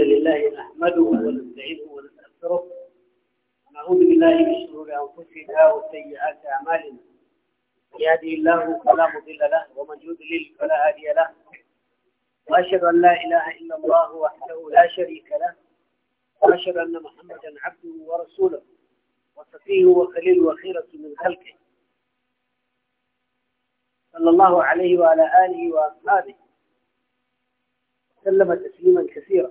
الحمد لله نحمده ونستعينه ونستغفره ونعوذ بالله من شرور انفسنا وسيئات اعمالنا من يهده الله فلا مضل له ومن يضلل فلا هادي له واشهد ان لا اله الا الله وحده لا شريك له واشهد ان محمدا عبده ورسوله وصفيه وخليل وخيره من خلقه صلى الله عليه وعلى اله واصحابه سلم تسليما كثيرا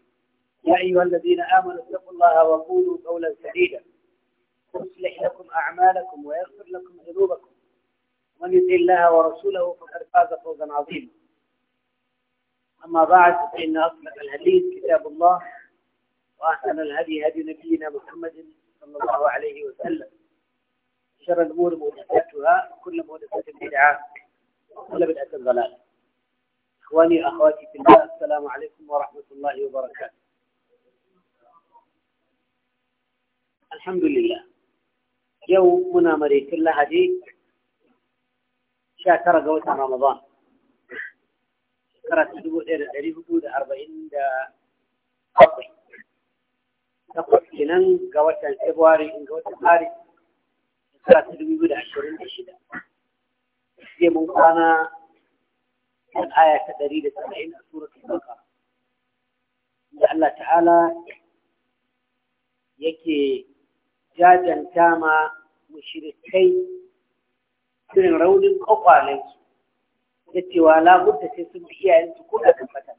يا أيها الذين آمنوا اتقوا الله وقولوا قولا سديدا يصلح لكم أعمالكم ويغفر لكم ذنوبكم ومن يطع الله ورسوله فقد فاز فوزا عظيما أما بعد فإن أصدق الحديث كتاب الله وأحسن الهدي هدي نبينا محمد صلى الله عليه وسلم شر الأمور محدثاتها وكل محدثة بدعة وكل بدعة ضلالة إخواني أخواتي في الله السلام عليكم ورحمة الله وبركاته alhamdulillah yau muna maraikin lahadi sha tara ga watan ramadan shekara ta dubu ɗaya da ɗari hudu da arba'in da bakwai takwas kenan ga watan february in ga watan maris shekara ta dubu biyu da ashirin da shida sai mun kwana kan aya ta ɗari da saba'in a ta baqara da Allah ta'ala yake jajanta ma mushrikai irin raunin kwakwalensu da cewa labudda sai sun bi iyayensu ko da kafata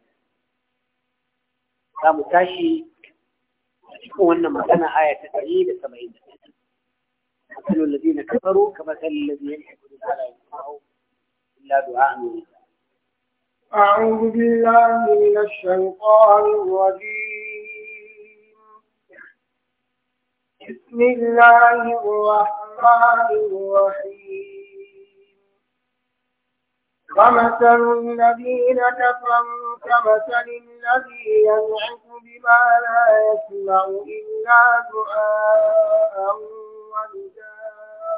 za mu tashi a cikin wannan magana aya ta ɗari da saba'in da مثل الذين كفروا كمثل الذي ينحقون على يسمعه إلا دعاء من أعوذ بالله من الشيطان الرجيم بسم الله الرحمن الرحيم ومثل الذين كفروا كمثل الذي ينعق بما لا يسمع إلا دعاء ونداء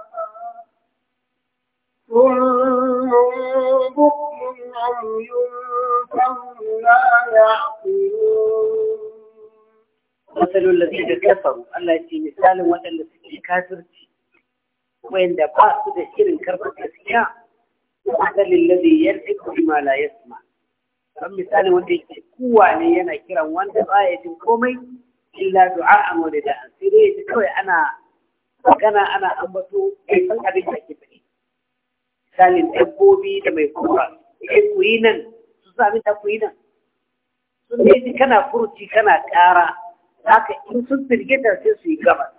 كل بكم عمي فهم لا يعقلون مثل الذين كفروا الله يتي مثال وأن في كافرتي وإن دباس تشير كربة أسياء مثل الذي يلحق بما لا يسمع فمثال وأن يتي قوة لينا كرا وأن دباية قومي إلا دعاء ولداء سيري تكوي أنا كان أنا أمبتو كيف الحديث أكبري مثال الأبوبي لما يكون إيه كوينا سوسا من تكوينا sun ne kana furuci kana ƙara haka in sun firgita sai su yi gabas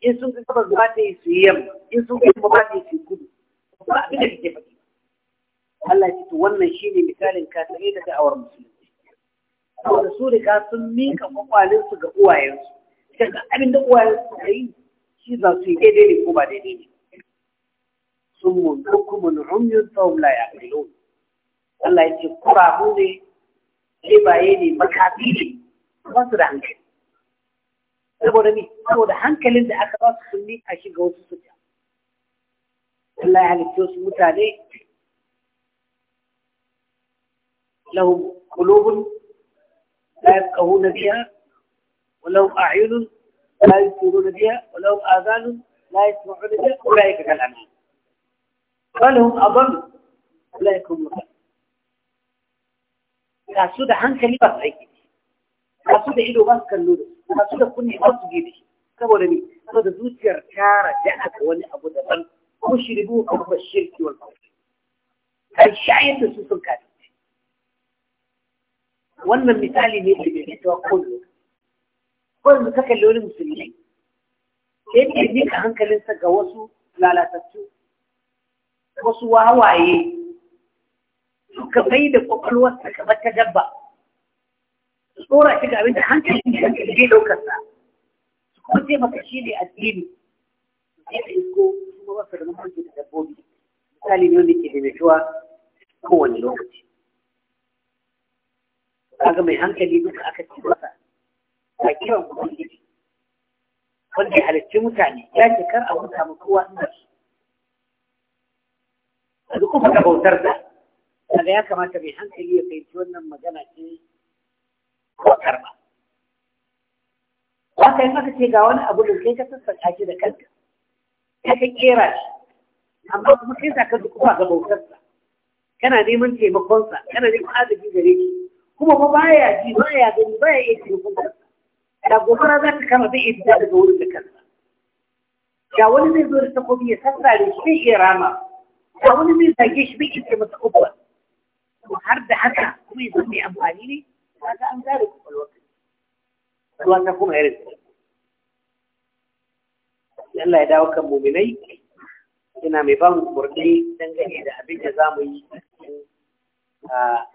in sun ga gaba? ba ta yi su yi yamma in sun ga yamma ba ta yi su yi kudu ba abin da kake faɗi Allah ya ce wannan shine misalin ka kafirai da da'awar musulunci saboda su riga sun mika kwakwalinsu ga uwayensu daga abin da uwayensu suka yi shi za su yi daidai ne ko ba daidai ne sun mun hukumun rumyun tsawon la ya kilo Allah ya ce kurabu ne baye ne makafi ne ba su da hankali saboda me saboda hankalin da aka ba su sunni a shiga wasu suja Allah ya halitta wasu mutane lahum qulubun la yafqahuna biha wa lahum a'yunun la yusiruna biha wa lahum adhanun la yasma'una biha ulaika kal anam bal hum adall ulaika hum ga su da hankali ba su aiki ga su da ido ba su kallo da su masu da kunne ba su gidi saboda ne saboda zuciyar tara da ga wani abu daban ko shirgu ko ba shirki wal kawai kai shayar da su sun kafi wannan misali ne da bai ta kullu wanda ka kalli wani musulmi sai ka hankalin hankalinsa ga wasu lalatattu wasu wawaye suka bai da kwakwalwarsa kamar ta dabba tsora shi ga abin da hankali shi hankali zai ɗaukar sa su kuma ce maka shi ne addini su je da isko su kuma wasu da mafarki da dabbobi misali ne wanda ke daidaituwa kowane lokaci kaga mai hankali duka aka ci masa a kiran ubangiji wanda ya halarci mutane ya ce kar a huta mu kowa ina shi. a duk kuma bautar da kaga ya kamata mai hankali ya fahimci wannan magana ce ko karba ba ka yi maka ce ga wani abu da kai ka sassaƙa shi da kanka ka ka kera shi amma kuma kai sa ka dukufa ga bautarsa kana neman taimakonsa kana neman agaji gare shi kuma ba baya ji baya gani baya iya taimakon kansa da gobara za ta kama zai iya fita daga wurin da kansa ga wani zai zo da takobi ya sassare shi zai iya rama ga wani zai zage shi bai iya taimaka uba har da haka kuma ya zama mai amfani ne kaga ta kuma Allah ya dawo kan muminai yana mai ba mu dangane da abin da za mu yi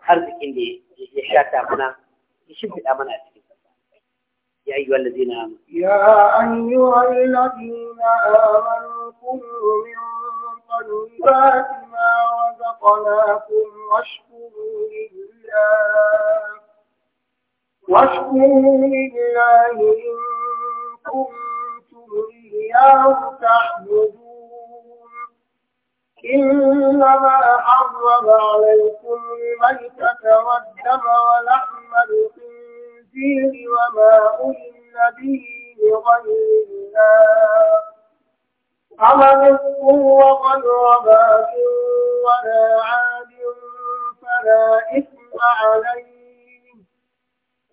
arzikin da ya shata mana ya mana a cikin يا أيها الذين آمنوا يا أيها الذين آمنوا كلوا من طيبات ما رزقناكم واشكروا لله واشكروا لله إن كنتم إياه تعبدون إنما حرم عليكم الميتة والدم ولحم الخنزير وما أهل به لغير الله فمن اضطر غير باغ ولا عاد فلا إثم عليه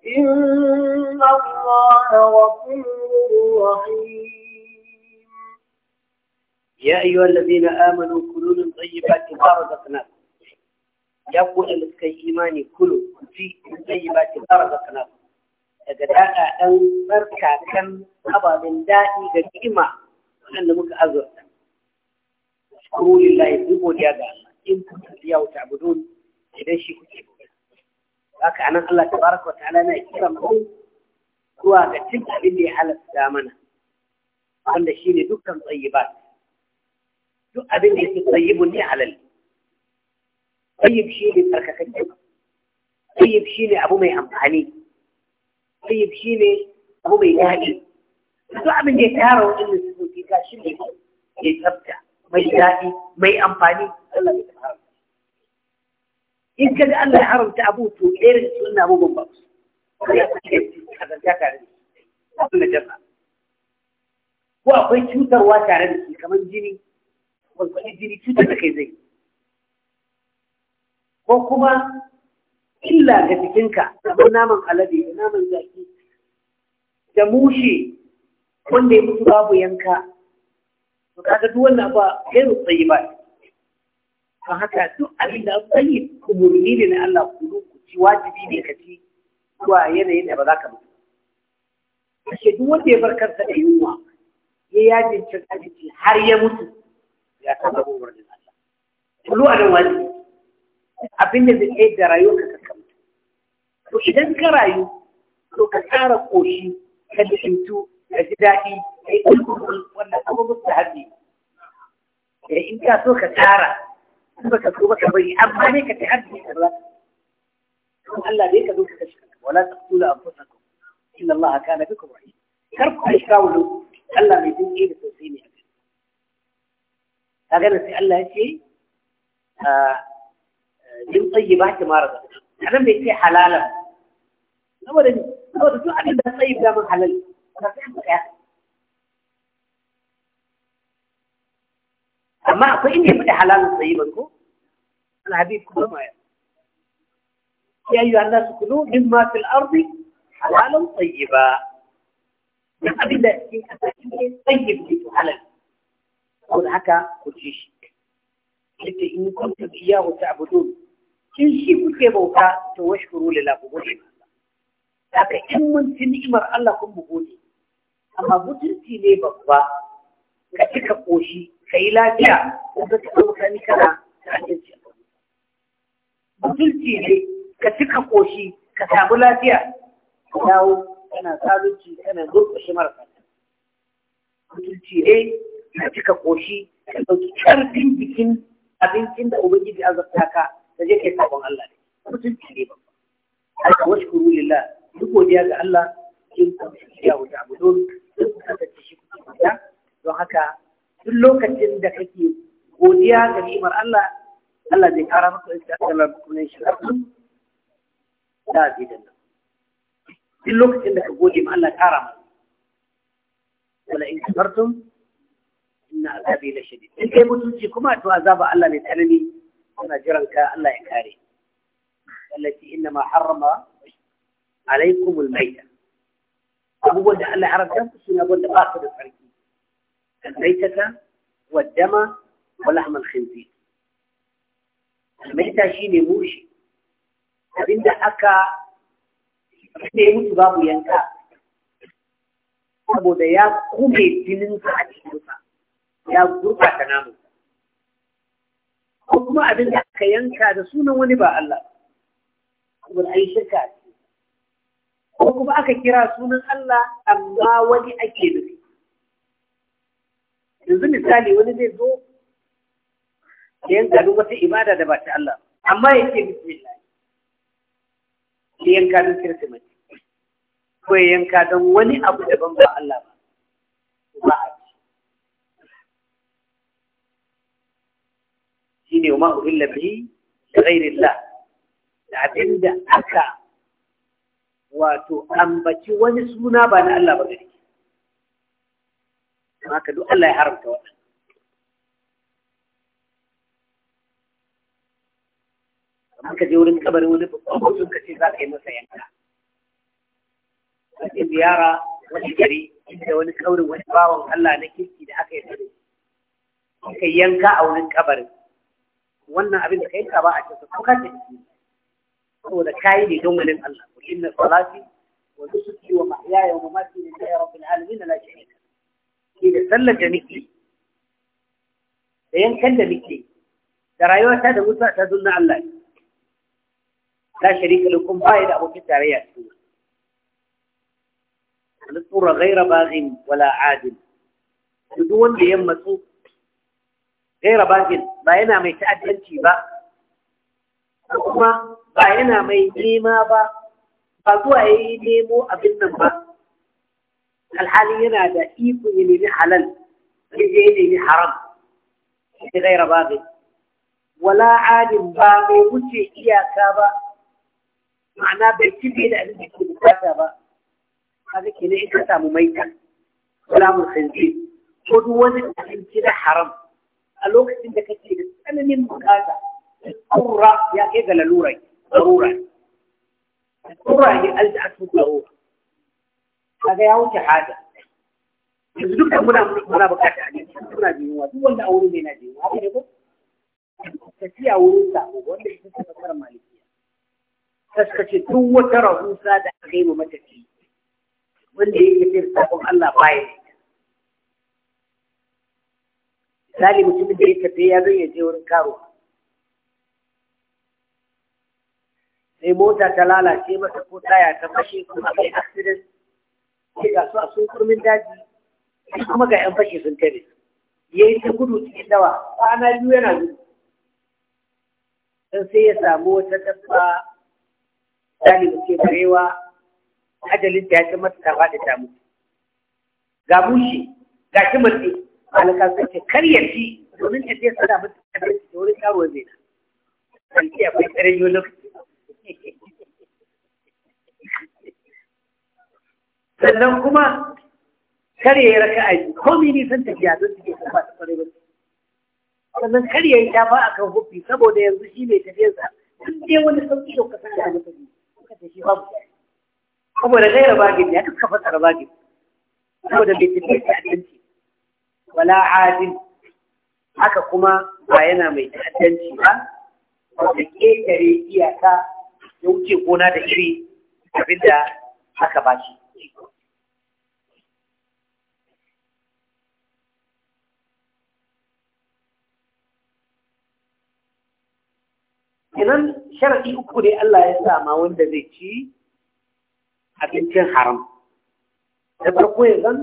إن الله غفور رحيم يا أيها الذين آمنوا كلوا من طيبات ما رزقناكم يا قول لك إيماني كلوا في من طيبات ما رزقناكم daga daɗa ɗan tsarkakan ababen daɗi ga ni'ima waɗanda muka azurta. Shukuru lillahi duk godiya ga Allah in kuntum iyyahu ta'budun idan shi kuke haka anan Allah tabaraka wa ta'ala yana kira mu zuwa ga cin abin da ya halatta mana wanda shine dukkan tsayibat duk abin da yake tsayibun ne halal tsayib shine tsarkakakke tsayib shine abu mai amfani tsayib shine abu mai daɗi duk abin da ya tara waɗannan sifofi ga shi ne mai tsabta mai daɗi mai amfani Allah ya tabaraka in kaga Allah ya haramta abu to irin sunna mu ban ba ko akwai cutarwa tare da shi kamar jini wani jini cutar da kai zai ko kuma illa ga jikinka kamar naman alade da naman zaki da mushe wanda ya mutu babu yanka to kaga duk wannan ba kai rutsayi ba don haka duk abin da yi umurni ne na Allah ku ku ci wajibi ne ka ci zuwa yanayin da ba za ka mutu A shekun wanda ya bar kansa da yunwa ya yaji cin abinci har ya mutu ya saba da Allah kullu a nan wani abin da zai da rayuwarka ka mutu. to idan ka rayu to ka tsara koshi ka dintu ka ji daɗi ka yi wannan abubuwan da haɗe eh, in ka so ka tsara baka so baka bari amma ne ka ta'addi karra kun Allah dai ka zo ka kashe wala taqtulu anfusakum inna Allah kana bikum rahim kar ku ishkawulu Allah mai dinki da sosai ne kaga da sai Allah ya ce min tayyibati ma razaqtum anan bai ce halalan saboda saboda duk abin da tsayyib da mun halal ka sai ka amma akwai inda ya faɗi halalun tsayiban ko ana habib kuma ma ya ya yi Allah su kulu min ma fil ardi halalun tsayiba duk abin da cikin ƙasa shi ne tsayib ne to halal saboda haka ku ci shi yadda in kuntum iyyahu ta'budun in shi kuke bauta to washkuru lillahi ku gode haka in mun ci ni'imar Allah kun mu gode amma mutunci ne babba ka cika koshi ka yi lafiya wanda ka zo da nika na ta'addanci mutunci ne ka cika koshi ka samu lafiya ka dawo kana zalunci kana gurɓashe marasa mutunci ne ka cika koshi ka ɗauki ƙarfin jikin abincin da ubangiji azabta ka da je kai sabon Allah ne mutunci ne ba aka washkuru lillah duk godiya ga Allah in kun shi ya wuce abu don duk kuka tace shi kuke don haka duk lokacin da kake godiya ga ni'imar Allah Allah zai kara maka iska da lalukunan shi da zai danna duk lokacin da ka gode ma Allah kara maka wala in kafartum inna azabi la shadid in kai mutunci kuma to azaba Allah mai tsanani ana jiran ka Allah ya kare allati inna ma harrama alaikumul mayta. abubuwan da Allah ya haramta su ne abubuwan da ba su da tsarki كالميتة والدم ولحم الخنزير الميتة شيء موشي abin da aka da ya mutu babu yanka saboda ya kume jininsa a cikinsa ya gurɓata namu ko kuma abin da aka yanka da sunan wani ba Allah kuma ai shirka ko kuma aka kira sunan Allah amma wani ake nufi yanzu misali wani zai zo da yanka duk wata ibada da ba ta Allah amma ya ce bismillah ya yanka don kirsimeti ko ya yanka don wani abu daban ba Allah ba ba a ci shi ne ma uhilla bihi da la da abinda aka wato ambaci wani suna ba na Allah ba gari don haka duk Allah ya haramta wannan kamar ka je wurin kabarin wani babban mutum ka ce za ka yi masa yanka wani ziyara wani gari inda wani kaurin wani bawan Allah na kirki da aka yi sani aka yanka a wurin kabarin wannan abin da ka yanka ba a cikin ko ka tafi saboda kayi ne don wani Allah wani inna salati wa nusuki wa mahyaya wa mamati lillahi rabbil alamin na lafiya. ke da sallar da nake da yankan da nake da rayuwata da musa ta zunna Allah ne la sharika lakum ba da abokin tarayya cikin wani tsura gaira bagin wala adil duk wanda ya matsu gaira bagin ba yana mai ta'addanci ba kuma ba yana mai nema ba ba zuwa ya yi nemo abin nan ba الحال هذا إيكو يليني حلال يجي ينمي حرام غير باغي ولا عاد باغي وشي إياك با معناه بيتبه لأنه يكون كتابا هذا كنا إنكتا مميتا سلام الخنزير قدوة الانتدى حرام الوقت عندك كثير أنا من مكاتا القرى يا كيف للوري ضروري الكرة هي ألدعت ضروري kaga ya wuce hada yanzu da muna muna bukata ne muna jiyuwa duk wanda aure ne na jiyuwa haka ne ko tafiya wurin sa wanda ita ce fasar malikiya taskace duk wata rahusa da aka yi ma matafi wanda yake fi sakon Allah baya misali mutumin da ya tafi ya zai ya je wurin karo sai mota ta lalace masa ko taya ta fashe ko aka yi accident sai ga su a kurmin daji kuma ga yan fashe sun tare ya yi ta gudu cikin dawa kwana biyu yana gudu don sai ya samu wata dabba ɗalibu ce barewa ajalin ta ya ce mata ta faɗi ta mutu ga bushe ga shi mace malaka sai ce kar ya domin ta ce sana mata ta ce wurin karuwa zai na. Kalki akwai tsarin yau lokaci. sannan kuma karye ya raka a yi komi nisan tafiya don su ke kuma a kwarai bacci sannan karye ya yi shafa a kan hufi saboda yanzu shi mai tafiyarsa sun je wani sauki da kasar da hannun tafi suka ce shi babu saboda gaira bagin ya kafa tsara bagin saboda bai tafiya ta adalci wala adil haka kuma ba yana mai ta'addanci ba wanda ƙetare iyaka ya wuce gona da iri abinda aka ba shi Idan sharaɗi uku ne Allah ya sama wanda zai ci abincin haram. Da farko ya zan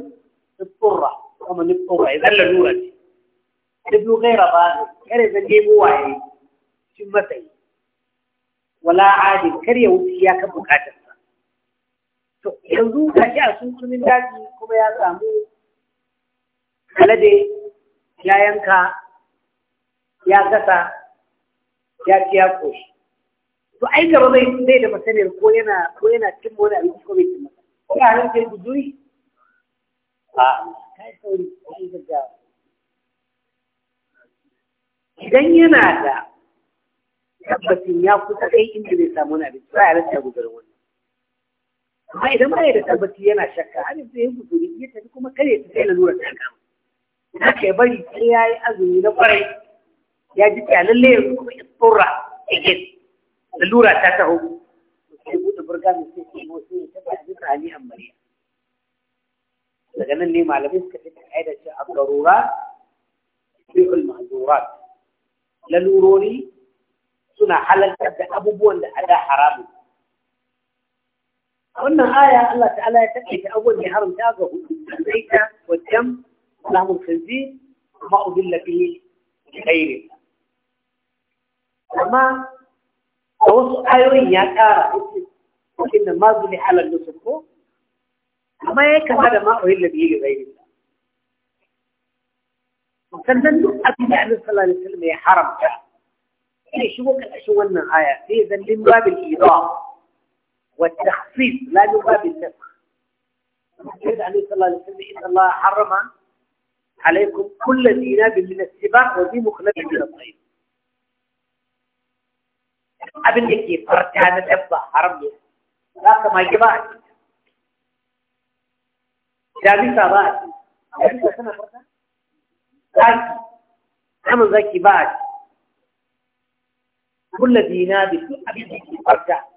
tsurra, kuma ni tsurra, ya zan lalura ce. Da biyu gaira ba, kare zan nemo waye, cin matsayi. Wala adi, kar wuce ya kan bukatar. yanzu ka ji a sunkurmin daji kuma ya samu alade ya yanka ya gasa ya ci ya koshi to ai gaba mai zai da masaniyar ko yana ko yana cin wani abinci ko bai cin masa ko ya ran sai guduri a kai sauri kai gaggawa idan yana da tabbacin ya kusa kai inda bai samu wani abinci ba ya rasa gudanar wani amma idan ba ya da tabbaci yana shakka har yanzu ya guduri ya tafi kuma kare ta kai lalura ta kama na kai bari sai ya yi azumi na kwarai ya ji ta lalle yanzu kuma istura again lalura ta taho sai buɗe burga mai sai sai motsi ya tafi a jisa ali ammariya daga nan ne malamai suka fi ka'ida ce a garura fi'ul mahzurat lalurori suna halartar da abubuwan da ada haramun قلنا آية الله تعالى تكفي في أول حرم تاغه الزيت والدم لهم الخنزير وما أضل به غيره وما توصل آيوين يا كارا إن ما أضل حال النصف وما يكا هذا ما أضل به غيره وكان ذنب أبي صلى الله عليه وسلم يا حرم تاغه إيه شو وقت أشو أن آية في ذنب باب الإضافة والتخصيص لا يباب النفخ كده عليه الصلاة والسلام إن الله حرم عليكم كل ذي من السباع وذي مخلص من الطيب قبل إكي فرت هذا الأفضى حرمي لا كما يباك جابي صابات قال عمل ذاك يباك كل ذي ناب من السباع وذي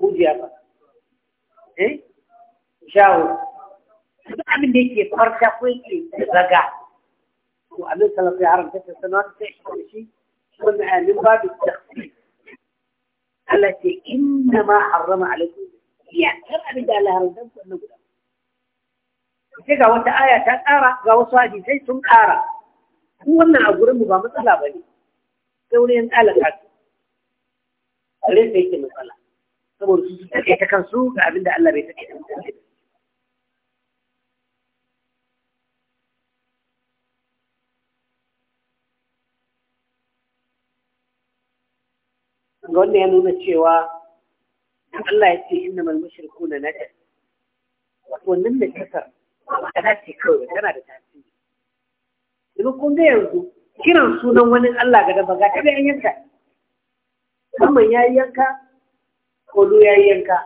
hujiya apa? eh shawo duk abin da yake farka ko yake zaga to annabi sallallahu haram, wasallam ya haramta sanar da shi wannan min da tafsir Allah ce inna ma harrama alaikum ya kar abin da Allah haramta ku annabi sai ga wata aya ta ƙara ga wasu hadisai sun ƙara ku wannan a gurinmu ba matsala ba ne sai wani yan ɗalaka su a ke matsala saboda su sun ta kansu ga abin da Allah bai take ta kansu ga wanda ya nuna cewa Allah ya ce inna na ɗan. najas wannan da kasar ba ta ce kawai tana da tasiri domin kun ga yanzu kiran sunan wani Allah ga dafa ga ta yanka musamman ya yanka kolu ya yi yanka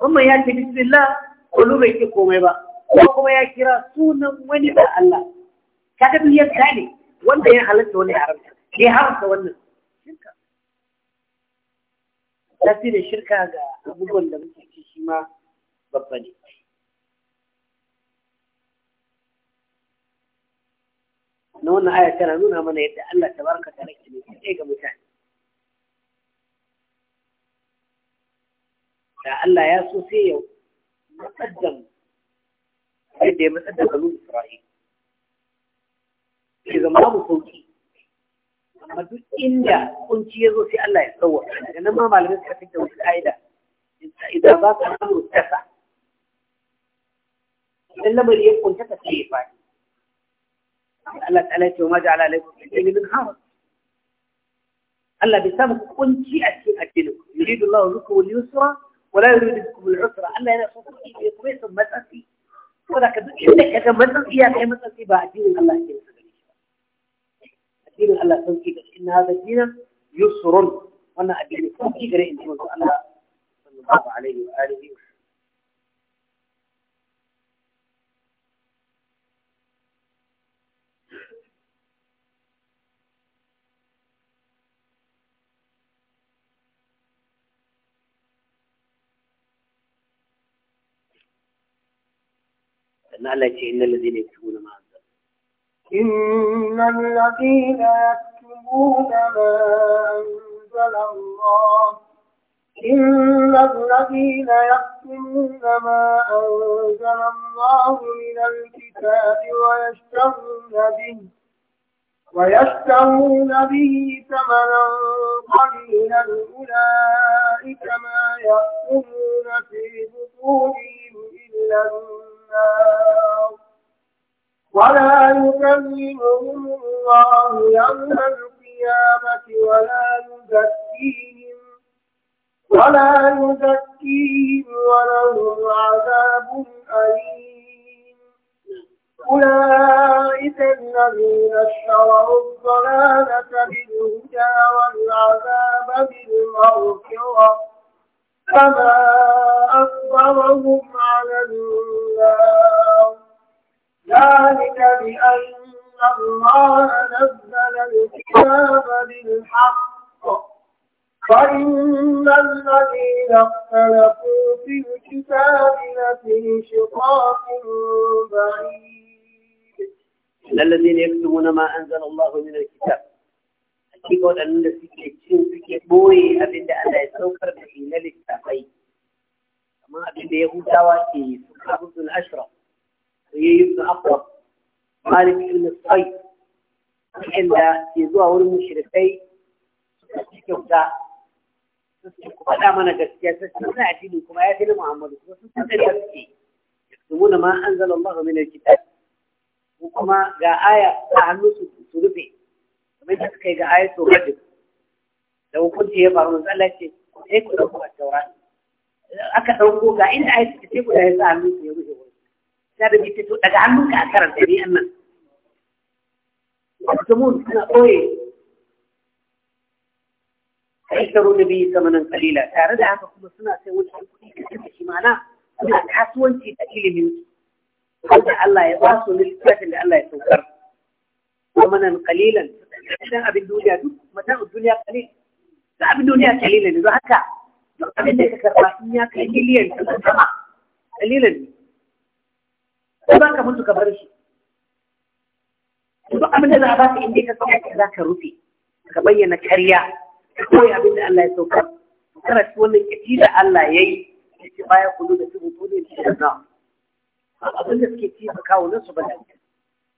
kuma ya ce bismillah kolu bai ce komai ba ko kuma ya kira sunan wani da Allah kaga duk yanka ne wanda ya halatta wani haramta ya haramta wannan shirka da shirka ga abubuwan da muke ci shi ma babba ne na wannan aya tana nuna mana yadda Allah tabaraka ta rake ne ga mutane الله يا سوسي مقدم يدي مقدم قالوا إسرائيل إذا ما هو كونتي ما دو إنيا كونتي يزو سي الله يتصور أنا ما مالي نسكة في الدول الآيدة إذا بات الأمر التسع إلا ما ليه كونتي تسليف الله تعالى وما جعل عليكم من حرج الله بسبب كونتي أتي أتي يريد الله لكم اليسرى wala yuridkum al-usra yana so ku yi matsatsi ko da ka duk matsatsi ba addinin Allah ke sa gani addinin Allah sauki ga inna hadha dina yusrun wannan addini sauki gare in na Allah ce innal ladina yaktubuna إن الذين يكتبون ما أنزل الله من الكتاب ويشترون به ويشترون به ثمنا قليلا أولئك ما يأكلون في بطونهم إلا النار ولا يكلمهم الله يوم القيامة ولا يزكيهم ولا يزكيهم ولهم عذاب أليم أولئك الذين اشتروا الضلالة بالهدى والعذاب بالمغفرة فما أكبرهم على النار ذلك بأن الله نزل الكتاب بالحق فإن الذين اختلفوا في الكتاب لفي شقاق بعيد الذين يكتبون ما أنزل الله من الكتاب shi ga waɗannan da suke cin suke ɓoye abinda Allah ya saukar da shi na littafai amma abinda Yahudawa ke yi su kabu sun ashra da ya yi sun akwab malik ibn sai inda ke zuwa wurin mushrikai suka ci kyauta suke faɗa mana gaskiya ta sun sa addini kuma ya fi Muhammadu kuma sun san da gaske yasumuna ma an anzala Allah min alkitab kuma ga aya a hannu su rufe من جهة كي جايت وغدت لو كنت هي فرمان قالت هي كل يكون هناك أكثر أبوها إن هناك تكتبوا لها سأل ميسي يا وجه وجه سأل ميسي تقول لك عمك أكثر تبي أما أكتمون أنا أوي يكون هناك ثمنا قليلا سأرد عام أخذ سنة سأقول لك كتب شمالا أنا أتحس وانتي تأكيلي ميوتي الله يواصل للسلاة يكون هناك يتوكر zamanan kalilan idan abin duniya duk matan duniya kalil da abin duniya kalilan ne don haka duk abin da ka karba in ya kai miliyan ta sama kalilan ne ko ba ka mutu ka bar shi duk abin da za a ka inda ka samu ka za ka rufe ka bayyana karya ya abin da Allah ya sauka kana ci wannan kici da Allah ya yi ya ci baya kudu da tubu tubu ne da abin da suke ci a kawo nan su ba da shi.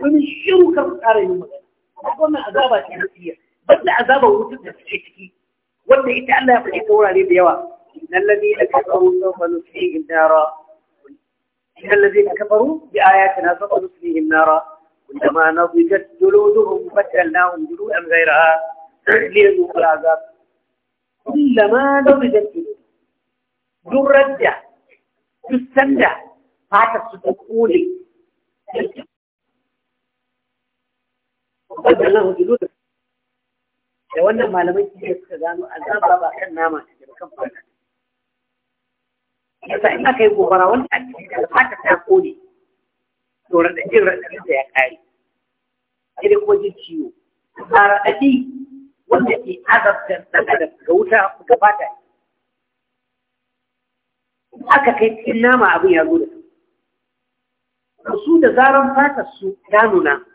wani shiru kan tsara yin magana wannan azaba ce nasiya banda azaba wutar da suke ciki wanda ita Allah ya faɗi ta wurare da yawa innal ladina kafaru sawfa nusihim nara innal ladina kafaru bi ayatina sawfa nusihim nara kullama nadidat juluduhum badalnahum juludan ghayraha liyadhuqu al'azab kullama nadidat juluduhum durradda duk sanda fatar su ta kone wanda nan hudu da da wannan malamai kiyar suka gano azaba ba kan nama ta ba kan fata yasa in aka yi gobara wanda a cikin da ta kone to raɗaɗin raɗaɗin da ya ƙare sai dai kuma jin ciwo ba raɗaɗi wanda ke azabtar ɗan adam ga wuta ga fata aka kai cikin nama abin ya zo da su da zaran fatar su ta nuna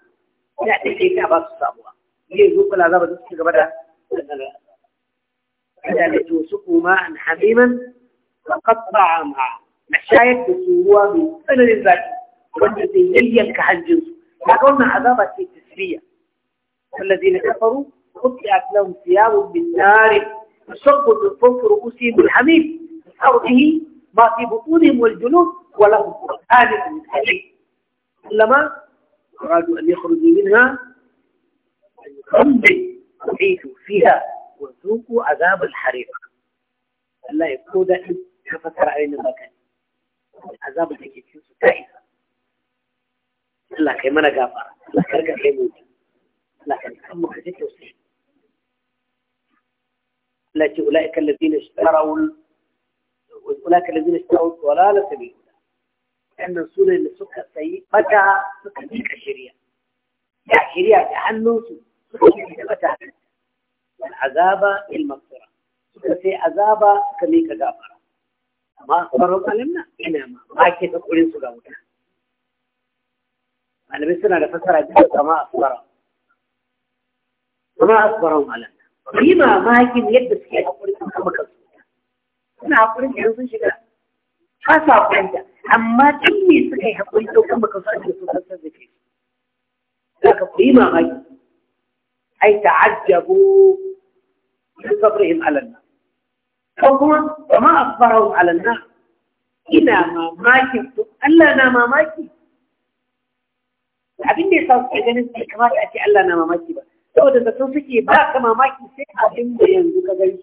ya take ta ba su samuwa zai zo kula zaba su ci gaba da kada da to su kuma an hamiman wa qatta'a ma mashayat da suruwa mai tsananin zaki wanda zai yayyanka hanjin su kaga wannan azaba ce tasriya الذين كفروا قطعت لهم ثياب من نار تصب من فوق رؤوسهم الحميد من أرضه ما في بطونهم والجنود ولهم قرآن من حديد كلما أرادوا أن يخرجوا منها أحيثوا فيها وذوقوا عذاب الحريق الله يقول ده كفتر علينا مكان العذاب اللي كيف تعيسة الله كيما أنا الله كرقة كيموت الله كان يسمى حديث يوسف التي أولئك الذين اشتروا أولئك الذين اشتروا الضلالة بالهدى أن رسول suka sayi mata suka cika shirya ya shirya da hannunsu suka yi da mata wal azaba il maghfira suka sai azaba suka mika gafara amma faron kalimna ina ma ba ke kurin su ga wuta malamai suna da fasara biyu kama asfara kama asfaran alimna yi makin yadda suke hakurin su kama kansu suna hakurin da sun shiga ba su haƙuranta amma duk me suka yi haƙuri ko kuma ka san da su san da ke za ka kuyi mamaki ai ta'ajjabu min sabrihim ala nas ko kuma ma asbarahum ala nas ina mamakin su Allah na mamaki abin da ya sa suke ganin bai kamata a ce Allah na mamaki ba saboda zato suke ba ka mamaki sai abin da yanzu ka gani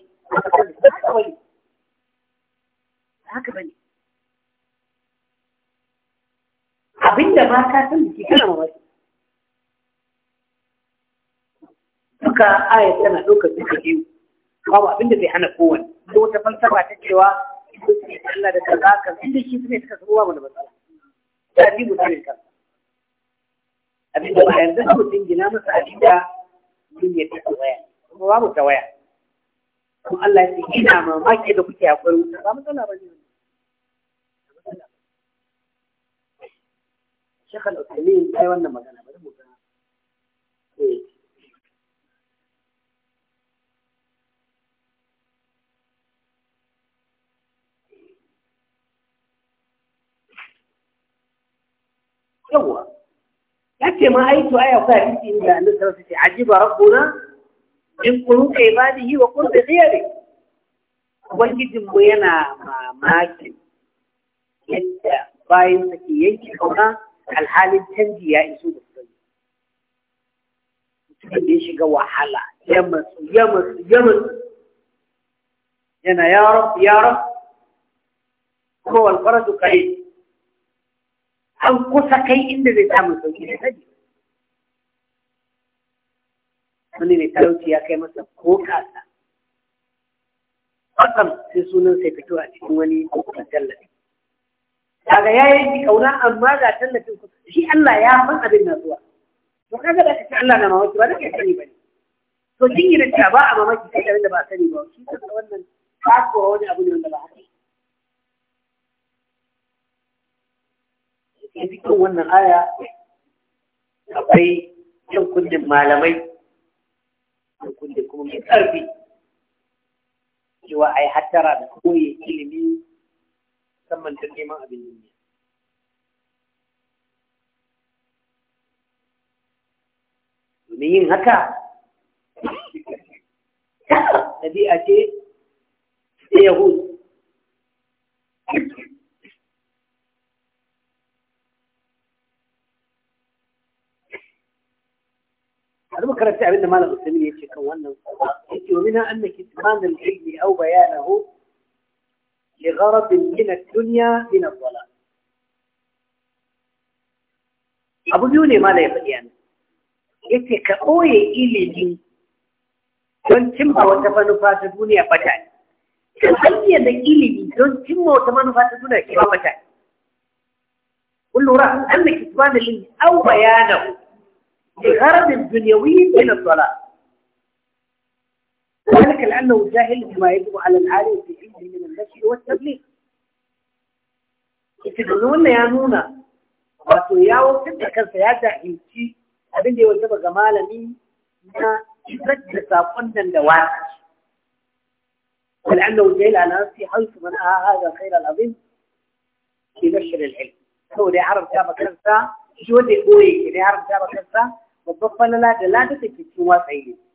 haka bane abinda ma ka san da ke kana mamaki duka aya tana ɗaukar duka biyu babu abin da zai hana kowane ko wata falsafa ta cewa Allah da kaza ka inda shi ne suka kawo mana matsala ta bi mutum Abin da ba yanzu ko dingina masa abin abinda mun ya ta waya kuma babu ta waya kuma Allah ya ce ina mamaki da kuke akwai wuta ba matsala ba ne shekha da usaimi ya yi wannan magana bari mu gana eh. yawwa yake ma aiki to ai akwai hadisi inda annabi sallallahu alaihi wasallam ajiba rabbuna in quluka ibadihi wa qul bi khayri ubangijin mu yana mamakin yadda bayan sake yanke kauna alhalin canji ya iso da yi. mutumin da ya shiga wahala ya matsu ya matsu ya matsu yana ya rabu kuma kare an kusa kai inda zai samu sauki da sani wani mai talauci ya kai masa ko kasa kwatsam sai sunan sai fito a cikin wani tallafi kaga ya yanki kauna amma ga tallafin ku shi Allah ya san abin na zuwa to kaga da kace Allah na mamaki ba da kai sani bane to kin yi da ba a mamaki kai da ba sani ba shi kaga wannan ka ko wani abu ne wanda ba haka ke cikin wannan aya akwai cin kundin malamai cin kundin kuma mai ƙarfi cewa ai hattara da koyi ilimi تم الترجمة بالنمية مين هكا نبي أتي يهود أنا ما كرهت أبدا ما لغت مني شيء كونه ومنها أنك تمان العلم أو بيانه لغرض من الدنيا من الظلام abu biyu ne ma da ya faɗi yana ya ce ka ɓoye ilimi don cimma wata manufa ta duniya bata ne ka da ilimi don cimma wata manufa ta duniya ke ba bata ne kun lura an da kitmanin ilimi au bayanan da harabin duniyawi ne na tsala ذلك لأنه جاهل بما يجب على العالم في علمه من النشر والتبليغ. يتدلون يا نونا واتو يا وكنت كان سيادة حيوتي أبن دي وجب غمالا مين ما يفجل ساقنا لواحد ولأنه جاهل على نفسي حيث من آه هذا الخير العظيم في نشر العلم هو اللي عرف جابا كنسا شو اللي يقول لي اللي عرف جابا كنسا وضفنا لا دلاتك في السواء سعيدين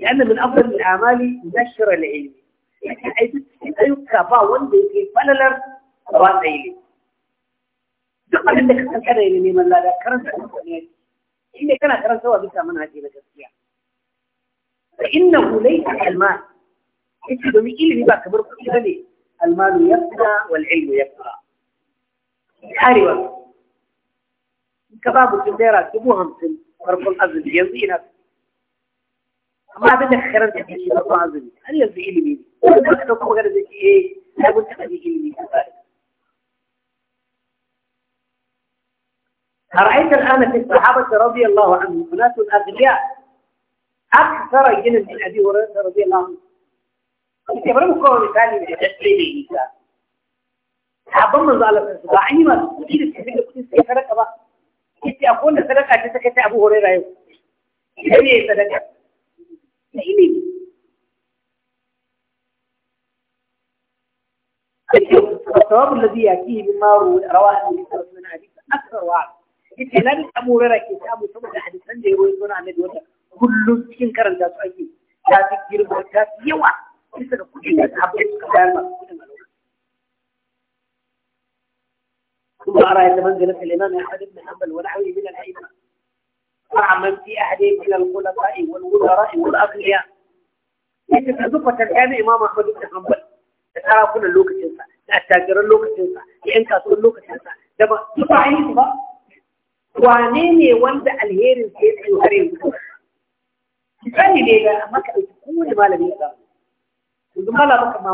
لأن من أفضل الأعمال نشر العلم يعني أيوكا با وانده في فللر رات علم دقا عندك تنكر علمي من لا لا كرنسة أمكانيات إني كان كرنسة وابسة منهجي لكسيا فإنه ليس المال يجب من إلمي باك بركي بني المال يبقى والعلم يبقى حاربا كباب الجزيرة تبوهم في فرق الأزل يزينك amma abin da ka karanta da shi ba ba azumi har yanzu ilimi ne wanda ka dauko magana أرأيت الآن في الصحابة رضي الله عنهم هناك أغنياء أكثر جنا من أبي هريرة رضي الله عنه أنت برا مقاول ثاني من التسليم الإنسان حابب من ظالم الصباحي ما تجد التسليم كنت سيفرك أبا كنت أقول لك أنت أبو هريرة يوم إذا هي da ilimi الثواب الذي يأتيه مما رواه النبي صلى الله عليه وسلم أكثر وعد الكلام أبو هريرة كتابه ثم الحديث عندي يقولون عن النبي kullum cikin karanta su ake ya fi girma ta fi yawa bisa ga kudin da ta haɓe suka bayar masu kudin a lokacin. Kuma ara zaman ganin Suleiman ya haɗin da hanbal wani hauyi واعمل في أحدهم إلى الخلفاء والوزراء والأغنياء yadda ka zufa tarka na imam ahmad ibn hanbal da sarakunan lokacinsa da attajiran lokacinsa da yan lokacinsa da ba a yi su ba wane ne wanda alherin sai tsayo har yanzu sani ne ga amma ka ɗauki kowane malami ya zamu yanzu malama ka ba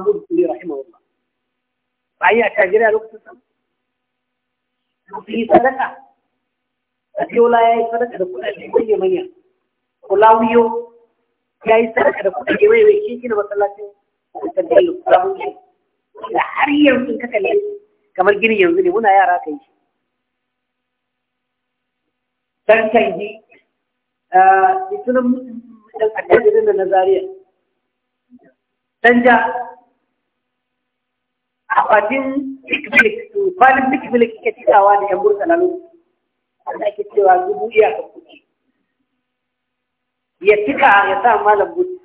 yi ba yi sadaka Abiola ya yi sadaka da kuɗaɗe manya manya. Kulawiyo ya yi sadaka da kuɗaɗe manya manya shi gina masallacin kusan da ilu kulawiyo. Da har yanzu in ka kalle kamar gini yanzu ne muna yara kai shi. Dan canji sunan dan addinin da na Zariya. Dan ja akwatin tikbilik, kwanin tikbilik ke cikawa da ‘yan burtalalu. Allah ke cewa dubu iya ka kuɗi ya cika ya sa malam gudu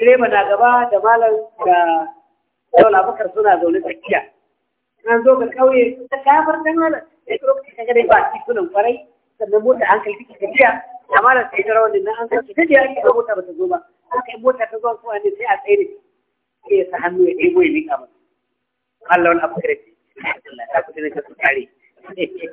direba na gaba da malam da daula bakar suna zaune tsakiya an zo ga kauye ta kafar dan malam sai ka lokaci ka gare ba titunan kwarai sannan mota an kai take tafiya da malam sai rawar nan an kai take ya ke mota ba ta zo ba an kai mota ta zo ko ne sai a tsaye sai ya sa hannu ya ɗebo ya miƙa masa Allah wani abu kare Allah ta kudin ka su kare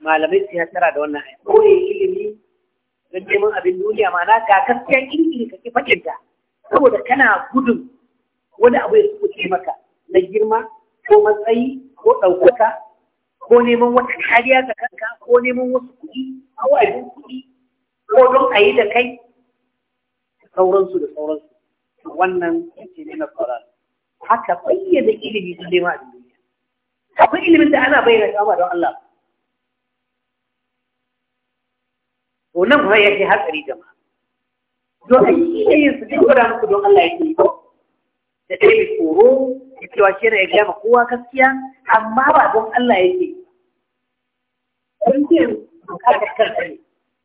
malamai su hasara da wannan aiki ko ilimi don neman abin duniya ma'ana ga gaskiya ilimi kake fakinta saboda kana gudun wani abu ya suke maka na girma ko matsayi ko ɗaukaka ko neman wata kariya ga kanka ko neman wasu kuɗi ko abin kuɗi ko don a yi da kai sauransu da sauransu wannan yake ne na tsoron haka bayyana ilimi su nema a duniya akwai ilimin da ana bayyana kama don Allah to nan fa yake hatsari jama'a don ai shi ne yin su duk gudan muku don Allah yake yi da dai bi tsoro da cewa shi ne ya gaya ma kowa gaskiya amma ba don Allah yake yi kun ce ka da kanka ne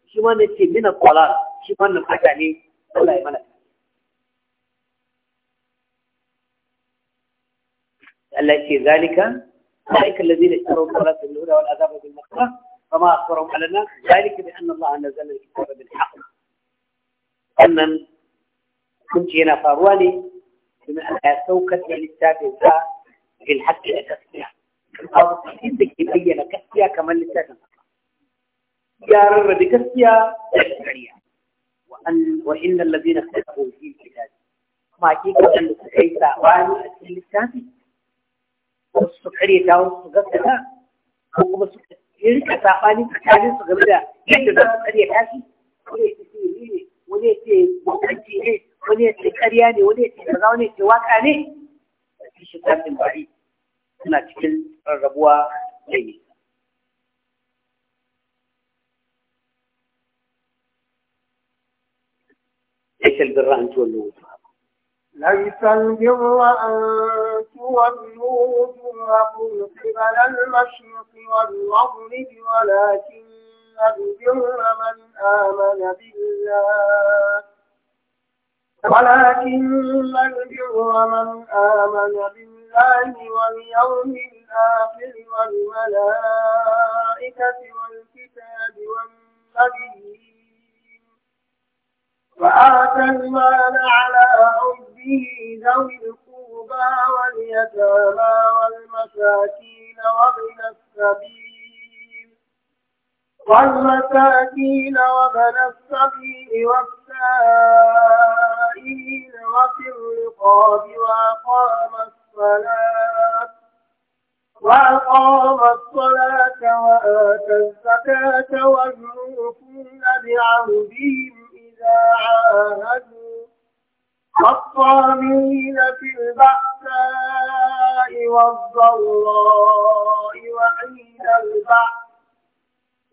shi ma ne ce mina kwala shi ma nan haka ne Allah ya mana Allah ya ce zalika أولئك الذين اشتروا الضلالة بالهدى والعذاب بالمغفرة فما أخبرهم على الناس ذلك بأن الله نزل الكتاب بالحق أن كنت هنا فاروالي من أن سوكت يعني التابع في الحق لكسيا أو إنك يبين كسيا كمن يا رب كسيا وأن وإن الذين اختلفوا في الكتاب ما جيك أن كيف وعلي أسل التابع والسكرية والسكرية والسكرية يريك يجب أن تريد حاشي ليس البر أن تولوا ليس البر أن تولوا وجوهكم قبل المشرق والمغرب ولكن البر من آمن بالله ولكن البر من آمن بالله واليوم الآخر والملائكة والكتاب والنبيين وآتى المال على حبه ذوي القربى واليتامى والمساكين وابن السبيل والمساكين وابن السبيل والسائلين وفي الرقاب وأقام الصلاة وأقام الصلاة وآتى الزكاة والموفون بعهدهم إذا عاهدوا الطامين في البأساء والضراء وحين البعث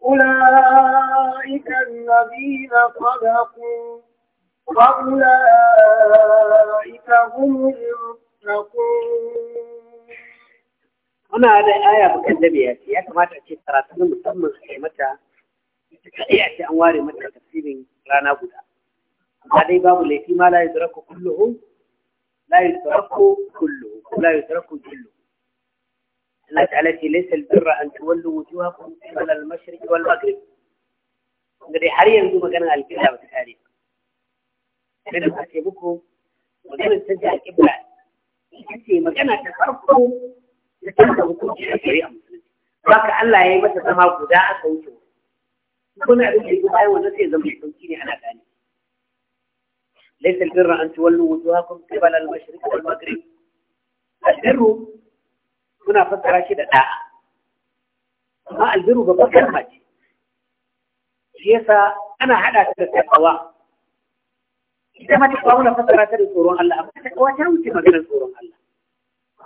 أولئك الذين صدقوا وأولئك هم المتقون أنا هذه الآية مكذبة يا سيدي، ما kamata ترى تنمو تنمو ita kaɗai a ce an ware mata tafsirin rana guda amma dai babu laifi ma la yudraku kulluhu la yudraku kulluhu la yudraku kulluhu Allah ta'ala ce laysa albirra an tuwallu wujuhakum qibala al-mashriq wal maghrib dai har yanzu maganar alƙibla ba ta kare ba sai da ce muku maganar ta ji alƙibla ita ce magana ta farko da ta hukunci a shari'a musulunci haka Allah ya yi mata zama guda aka wuce كنا عبد الحجوب أي والنسي إذا ليس البر أن تولوا وجوهكم قبل المشرق والمغرب البر هنا فترة كده داعة ما البر ببكر ما جي شيسا أنا حدا كده تقوى إذا ما تقوون فترة تري صورون الله أما تقوى تروتي ما تقوى صورون الله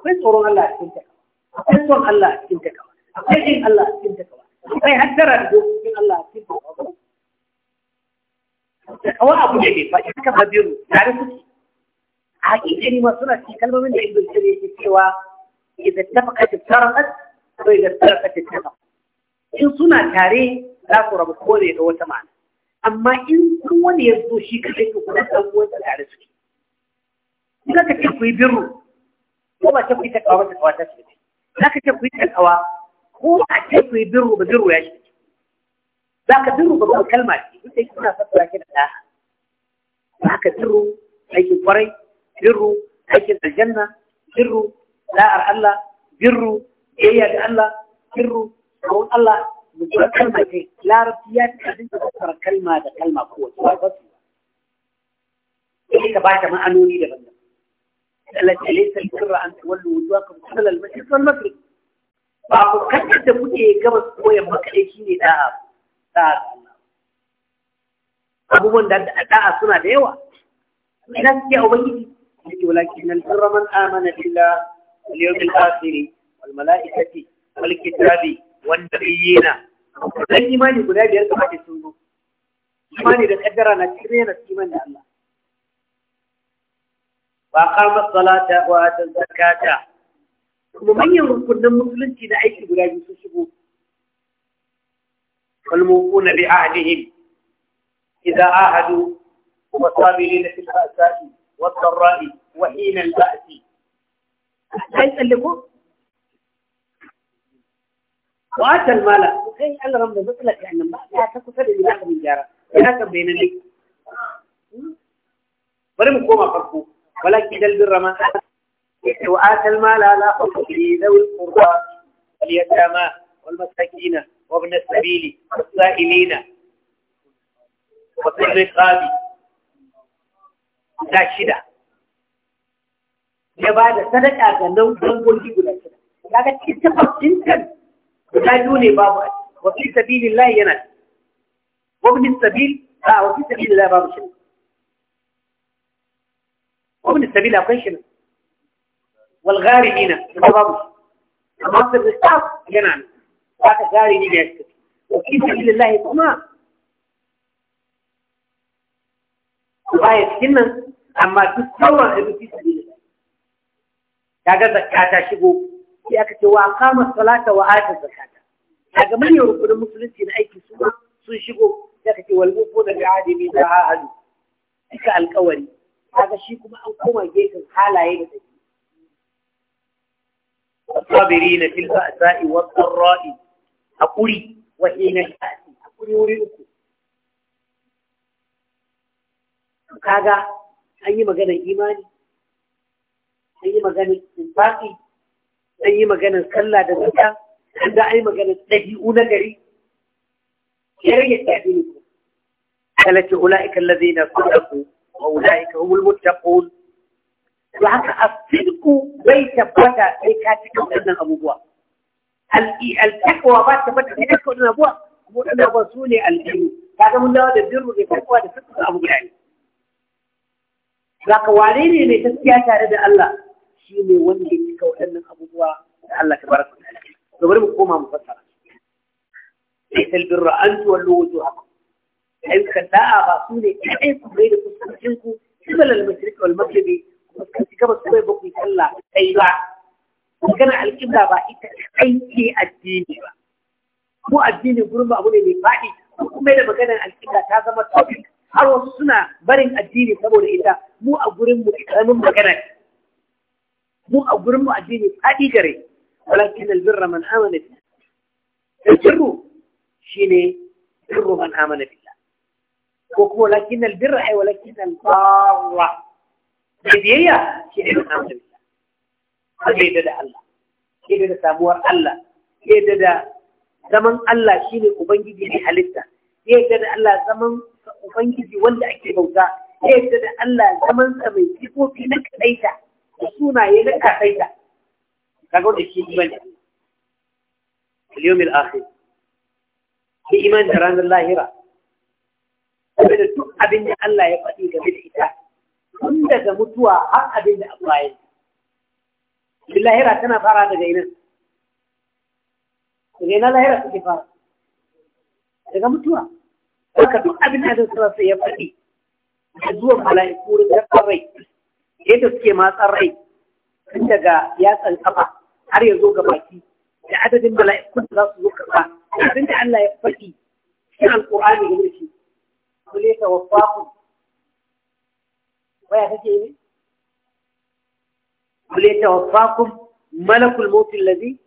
أما صورون الله أكين تقوى أقول صورون الله أكين تقوى أقول الله أكين تقوى akwai haddara da dokokin Allah a cikin da takawa abu ne mai faɗi haka ba biyu tare suke a hakikani ma suna cikin kalmomin da ibn sirri ke cewa idan tafaka ta tarakat ko idan taraka ta tafaka in suna tare za ku rabu ko da wata ma'ana amma in kun wani ya zo shi kaɗai to kuma ɗan uwansa tare suke in ka ce ku yi birru ko ba ta ku yi takawa ba takawa ta ce za ka ce ku yi takawa ko a ce ku yi birru ba birru ya shi za ka birru ba kuma kalma ce duk da kuna fassara shi da ɗaya za ka birru aikin kwarai birru aikin aljanna birru da'ar Allah birru biyayya da Allah birru kawun Allah mutuwar kalma ce larabci ya fi abin da fassara kalma da kalma kowace ba fasu ba ka ba ta ma'anoni daban-daban. Allah ta laisa al-sirra an tawallu wujuhakum qibla al-mashriq wal-maghrib ba fuskantar da muke gabas ko yamma kaɗai shi ne da'a da'a abubuwan da da'a suna da yawa ina suke a ubangiji yake walakin al-birra man amana billah wal yawmil akhir wal mala'ikati wal kitabi wan nabiyina dan imani guda biyar kamar da sun zo imani da kaddara na cikin yana cikin da Allah wa aqama salata wa ata az-zakata kuma manyan rukunin musulunci na aiki guda biyu sun shigo والموفون بعهدهم إذا عاهدوا والصابرين في البأساء والضراء وحين البأس هل تسلكوا؟ وآتى المال وكي قال رمض مثلك يعني ما لا تكفر إلا من جارة لا بين لك ولم يقوم أفرقوا ولكن البر ما وآتى المال على حبه ذوي القربى واليتامى والمساكين وابن السبيل والسائلين وفي الرقاب guda shida ya ba da sadaka ga nau'in gurgi guda shida kaga cikin tabbacin kan guda biyu ne babu wa fi layi yana wa bi sabil a wa fi sabilillahi babu shi wa sabil akwai shi والغارقين بالضبط المصدر للصرف جنان فاتح غاري دي بيسكت وكيف يقول لله طمع وغاية سنة أما تتصور أنه في سبيل الله يا قد ذكاتا شبو في أكت وأقام الصلاة وآية الزكاة يا قد من يرقب المسلمين في نأيك سنة سن شبو يا قد والمفون بعاد من دعاء هذا الكوري هذا الشيء كما أنكما جيت الحالة هي بتجي الصابرين في البأساء والضراء أقول وحين الآس أقول وريك كذا أي مجال إيمان أي مجال إنفاقي أي مجال صلاة دكتا عند أي مجال تهيئون جري كيف يستعدينكم؟ قالت أولئك الذين صدقوا وأولئك هم المتقون to haka asinku bai tabbata sai ka cika waɗannan abubuwa al-taqwa ba tabbata sai ka waɗannan abubuwa waɗanda ba su ne al-ilmu kaga mun dawo da birru da da fiqh abu guda ne zaka wane ne mai gaskiya tare da Allah shi ne wanda ya cika waɗannan abubuwa da Allah ta wa ta'ala bari mu koma mu fassara ليس البر أن تولوا وجوهكم أي كداء رسول أي كبرين كسكنكم قبل المشرق والمغرب Ka fuskanci su kawai ba ku yi sallah kai ba magana alƙibla ba ita kai ce addini ba mu addini gurin ba abu ne mai faɗi kuma da maganar alƙibla ta zama topic har wasu suna barin addini saboda ita mu a gurin mu karamin magana mu a gurin mu addini faɗi gare walakin albirra man amana bi albirru shine birru man amana billah ko kuma walakin albirra ai walakin albarra da biyayya shi ne da samun biyayya da Allah ne da samuwar Allah yadda da zaman Allah shi ne Ubangiji ne halitta shi yadda da Allah zaman Ubangiji wanda ake bauta shi yadda da Allah zaman sa mai sifofi na kaɗaita da sunaye na kaɗaita kaga wanda shi imani اليوم da ranar lahira Abin da duk abin da Allah ya faɗi game da tun daga mutuwa har abin da abu bayan lahira tana fara daga nan daga na lahira suke fara daga mutuwa haka duk abin da suna sai ya faɗi da zuwa mala'iku da zartar rai yadda suke matsar rai tun daga yatsan kafa har ya zo ga baki da adadin mala'i da za su zo karɓa abin da Allah ya faɗi cikin alƙur'ani game da shi ka wafahu waya kake ne kule tawaffakum malakul mawt alladhi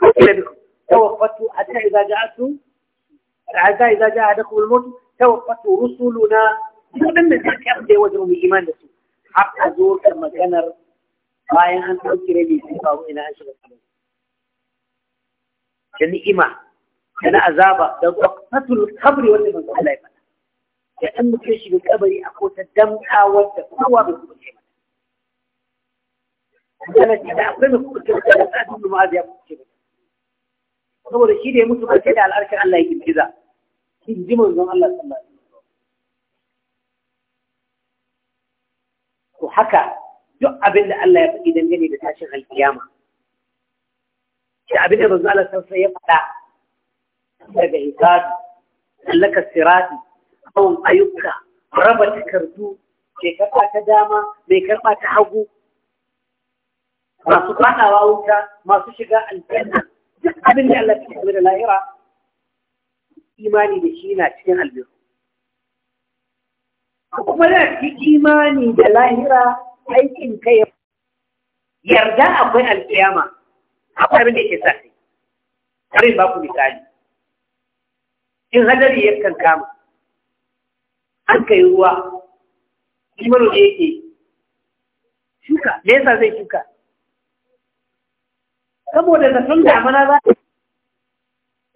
kutila bikum tawaffatu hatta idza ja'atum hatta idza ja'a adakum al-maut tawaffatu rusuluna kudin da take abde wajen mu iman da su har a zo kan maganar bayan an dauki rabi sai babu ina an shiga cikin da ni'ima da na azaba da waqtatul qabri wanda manzo Allah ya da ɗan mutum shiga kabari a kota damta wadda kowa bai kuma ce mata. Ana ce da akwai mai kuma ce mata da sa dubu ma'azi ya kuma ce mata. Saboda shi da ya mutu ba ce da al'arshin Allah ya girgiza. Shi ji manzon Allah sallallahu alaihi To haka duk abin da Allah ya faɗi dangane da tashin alkiyama. Da abin da manzon Allah sallallahu ya faɗa daga hisabi, mallakar sirati, tsawon ayyuka raba takardu mai karɓa ta dama mai karɓa ta hagu masu kwanawa wuta masu shiga aljanna duk abin da Allah ke game da lahira imani da shi na cikin albiru kuma da shi imani da lahira aikin kai yarda akwai alkiyama akwai abin da ke sa kai bari ba ku misali in hadari yakan kama an kai ruwa kimar da yake shuka me yasa zai shuka saboda da sun damana za ta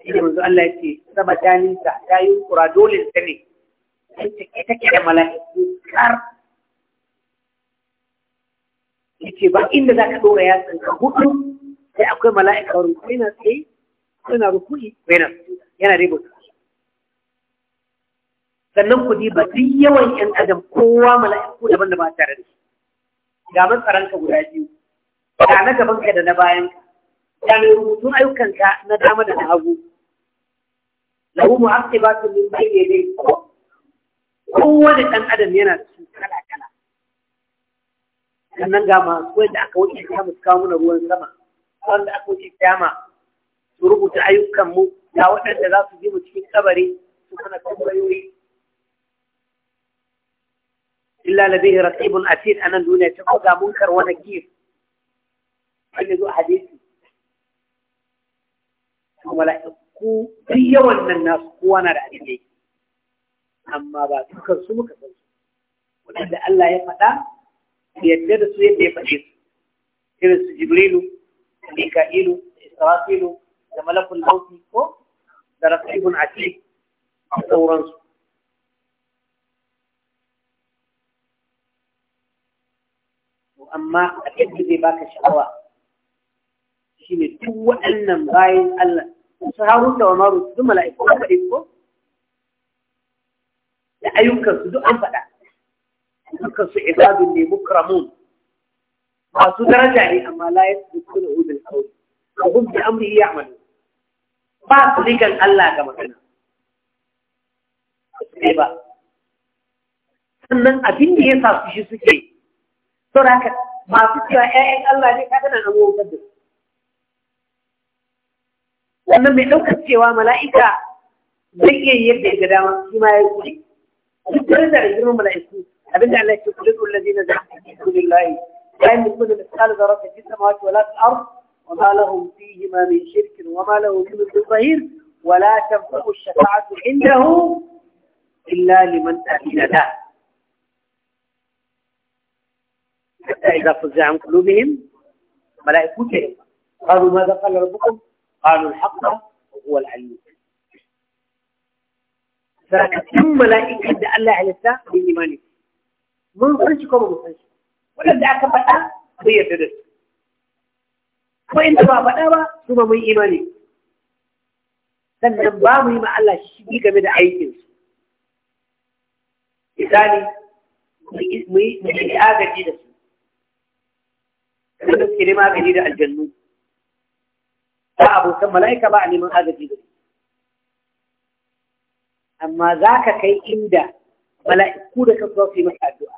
yi da manzo Allah yake saba daninta ya yi kura dole ta ne take take da mala'iku kar yace ba inda za ka dora san ka hudu sai akwai mala'ika rukuina tsaye yana rukuni yana yana rubuta sannan ku diba duk yawan ‘yan adam kowa mala'iku daban da ba tare da shi ga ka guda biyu ga na gaban ka da na bayan ka. ga mai rubutun ka na dama da na hagu lahu su min bai ne kowa da ɗan adam yana da su kala kala sannan ga masu wanda aka wuce ta mu kawo mana ruwan sama wanda aka wuce ta ma su rubuta ayyukan mu ga waɗanda za su je mu cikin kabari su kana kan إلا لديه رقيب أثير أنا دوني تقضى منكر ونكير حلي ذو حديثي هم لا يقو في يوان الناس قوانا رأيلي أما بعد كرسو مكتب ولذا ألا يفتا يجد سوية بيفتيس كرس جبريل ميكائيل إسرافيل ملك الموت ورقيب عثير ورنسو amma a da zai baka sha'awa Shi ne duk waɗannan bayan Allah su harun da wamaru su duk mala'iku an faɗi ko da ayyukan su duk an faɗa dukkan su ibadun ne mukramun masu daraja ne amma la yasbiquna hu bil qawl Ka gumbi bi amrihi ya'malun ba su rikan Allah ga magana ba sannan abin da ya sa su shi suke سرقة ما في أي الله يكفينا نموت بدر لما منك سوى ملائكة زي يرجع قدام كما يقول سترى ذلك ملائكة أبدا لا تقلد الذين زحفوا من الله أي من كل مثال ذرات السماوات ولا الأرض وما لهم فيهما من شرك وما لهم من الظهير ولا تنفع الشفاعة عنده إلا لمن أذن له حتى إذا فزع عن قلوبهم ملائكة قالوا ماذا قال ربكم؟ قالوا الحق وهو العلي فكم ملائكة دعا الله على الساق بإيمانك من خرجكم ومن خرجكم ولا دعاك بطا بي تدس وإن ما بطا ثم من إيمانك سنن بابي مع الله شبيك من عيكين إذاني من إيمانك kamar da suke nema gani da aljannu ba abokan mala'ika ba a neman agaji da amma za ka kai inda mala'iku da kansu za su yi maka addu'a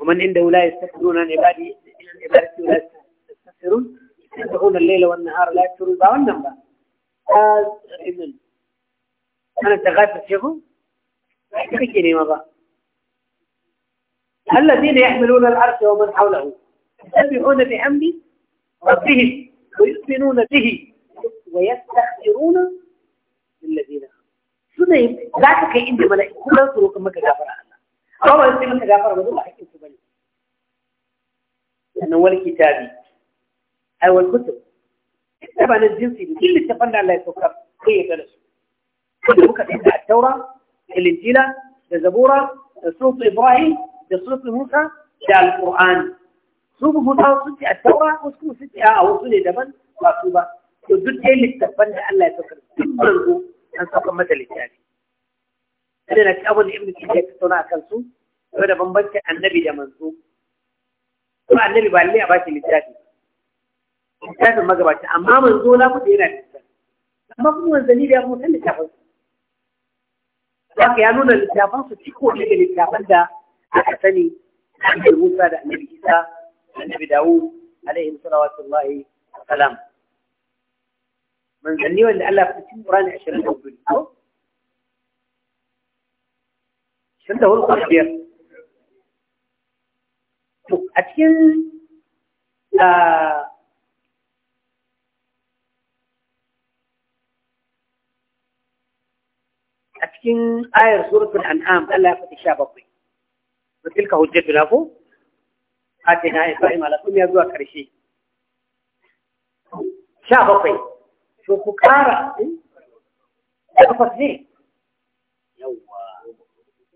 ومن عنده لا يستكبرون عن عبادي عن عبادتي ولا يستكبرون يسبحون الليل والنهار لا يكفرون بها والنهار أنا تغافل شيخو كيف ما بقى الذين يحملون العرش ومن حوله يسبحون بحمد ربه ويؤمنون به ويستغفرون للذين سنين ذاك كي انت ملائكة كل سلوك مكة جافر الله الله يسلم مكة جافر وضو الله حكم سبني لأنه هو الكتابي هو الكتب كتب عن الجنسي كل اللي اتفقنا على يتوكر هي فلسو كل بكة عندها التوراة الانجيلة الزبورة سلوط إبراهيم da suratul Musa da Al-Qur'ani su bubuta su ce a taura wasu kuma su ce a wasu ne daban ba su ba to duk dai littafan da Allah ya saukar duk manzo an saukar mata littafi kada na ci abin da ibnu kathir ya tattauna akan su game da bambancin annabi da manzo ko annabi ba lalle a ba shi littafi littafin magabata amma manzo na kuɗi yana littafi amma kuma manzanni da ya mutan littafin su haka ya nuna littafin su ciko ne da littafin da حسني حمد الموسى لأنبي جيسى لأنبي داود عليه صلوات الله السلام من ذنيوه اللي ألا فتسين مراني عشرين أبن عشرين أبن عشرين أبن أتكين آية سورة الأنعام ألا فتشابه wa tilka hujjatuna ko atina ibrahim ala kun ya zuwa karshe sha bakwai to ku kara da eh? kafas ne yawwa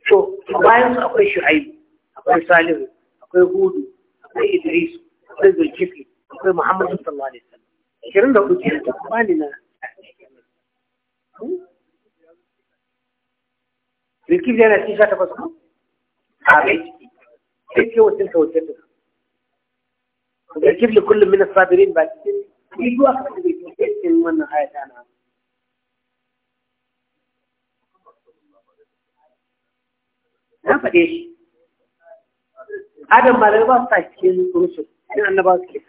to bayan su akwai shu'aibu akwai salihu akwai hudu akwai idris akwai zulkifli akwai muhammadu sallallahu alaihi wasallam ashirin da hudu kenan bani na hmm? zulkifli yana cikin sha takwas ko حبيبي انت وصلت وصلت كيف لكل من الصابرين بعد كل وقت بيتوقف من هاي انا نفديش هذا ما له واسطه كل رسول انا انا باس كيف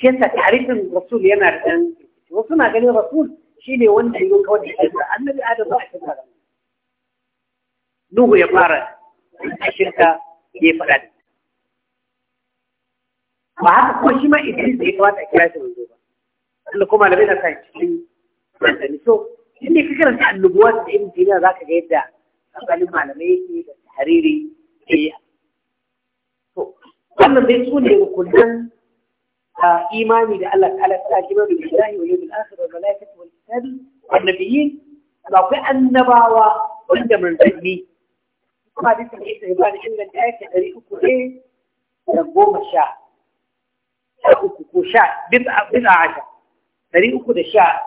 شيء تعريف الرسول ينا رسول وصلنا قال الرسول شيء اللي وين يقول كود النبي هذا صح هذا نوغو يبارا عشنكا يفرد وهذا كوشيما إبليس إخوات أكلاس المنزوبة لكم على بينا سايد شكين بلدني سو إني فكرة سعى النبوات إن دينا ذاك جيدا أقالي معلميتي بالتحريري إيا سو أنا بيسوني وكلنا إيماني لألك على التاجمة بالله واليوم الآخر والملائكة والكتاب والنبيين لو كأن نباوا عند من تجميه حديث العيسى يبان إن الآية طريقك إيه؟ يقوم الشعر وشعر بضع بضع عشر طريقك ده الشعر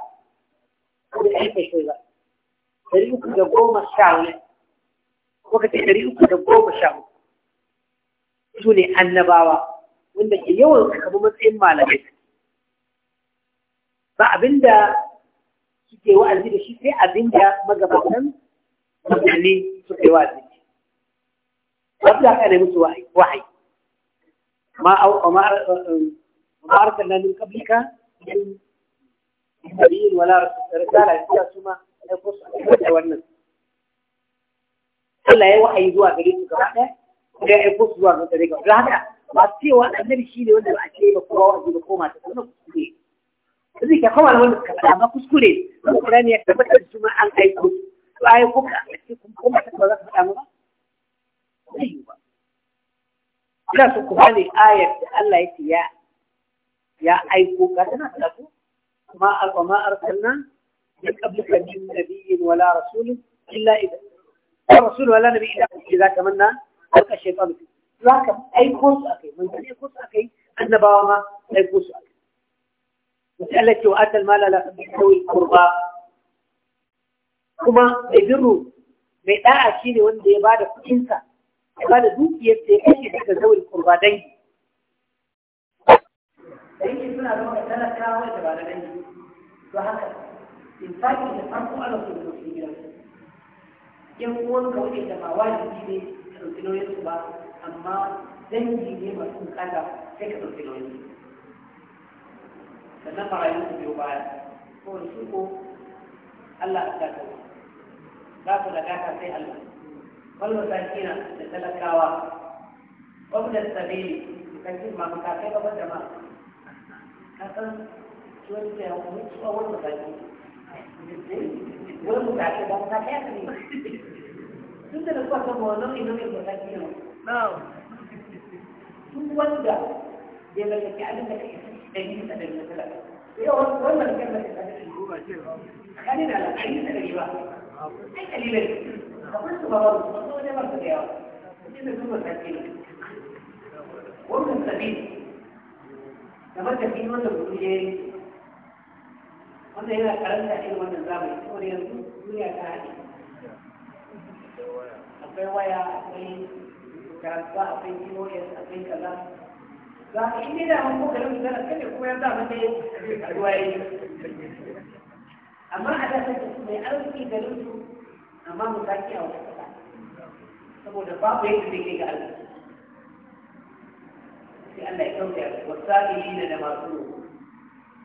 وده ألف شوية طريقك ده الشعر وقت طريقك ده الشعر su ne annabawa wanda ke yawan kama matsayin malamai ba قبل أن يمسوا وحي, وحي. ما أو ما ما أرسلنا من قبلك من نبي ولا رسالة فيها ثم يقص والنس Allah ya wahayi zuwa gare su gaba ɗaya da ya aiko zuwa ga gare gaba haka ba cewa annabi shi ne wanda ba a ce ba kowa waje ba koma ta kuma kuskure zai ka kawai wanda suka faɗa ba kuskure kuma ne ya tabbatar da su ma an aiko su aiko ka a ce kuma ta ba za ka faɗa ba zai ina so ku bani ayar da Allah ya ce ya ya aiko ka tana karatu kuma alƙama arsalna min qablika min nabiyyin wala rasulin illa idan rasul wala nabi illa idza tamanna alqa shaytan fi zaka aiko su akai mun aiko su akai annabawa ma aiko su akai مسألة وآتى المال لا يستوي القربى كما يبر mai da'a shi ne wanda ya bada kuɗinsa ba da dukiyar da ya kashe daga zawin kurba dangi dangi suna zama talakawa da ba da dangi to haka in faɗi da farko ana so da mutum gidan yan uwan kawai da ba wajibi ne ka ɗauki nauyin su ba amma dangi ne masu bukata sai ka ɗauki nauyin su sannan marayu su biyo baya ko shi ko Allah a ta Za su da gata sai Allah والمساكين لتلكاوا وابن السبيل كثير ما مكاتب وجماعة كثير شوية ومش أول مساكين والمكاتبة مكاتبة duk da kuwa ta mawa nau'in nau'in mataki ne duk wanda bai mallaki abin da kai da yi da dari yau wani mallakan da kai da dari ba ai kalilai kamar su ba wani sai ba da yawa shi da wannan sabi da matafi wanda kudu je wanda yana karanta irin wannan zamani saboda yanzu duniya ta haɗe akwai waya akwai karatuwa akwai pos akwai kaza za a inda da an kokarin su zana kada kuma ya zama ne ruwa ya yi amma a da sake mai arziki garin su amma mu a wata saboda babu yadda zai kai ga Allah sai Allah ya kauta wasa'ili da masu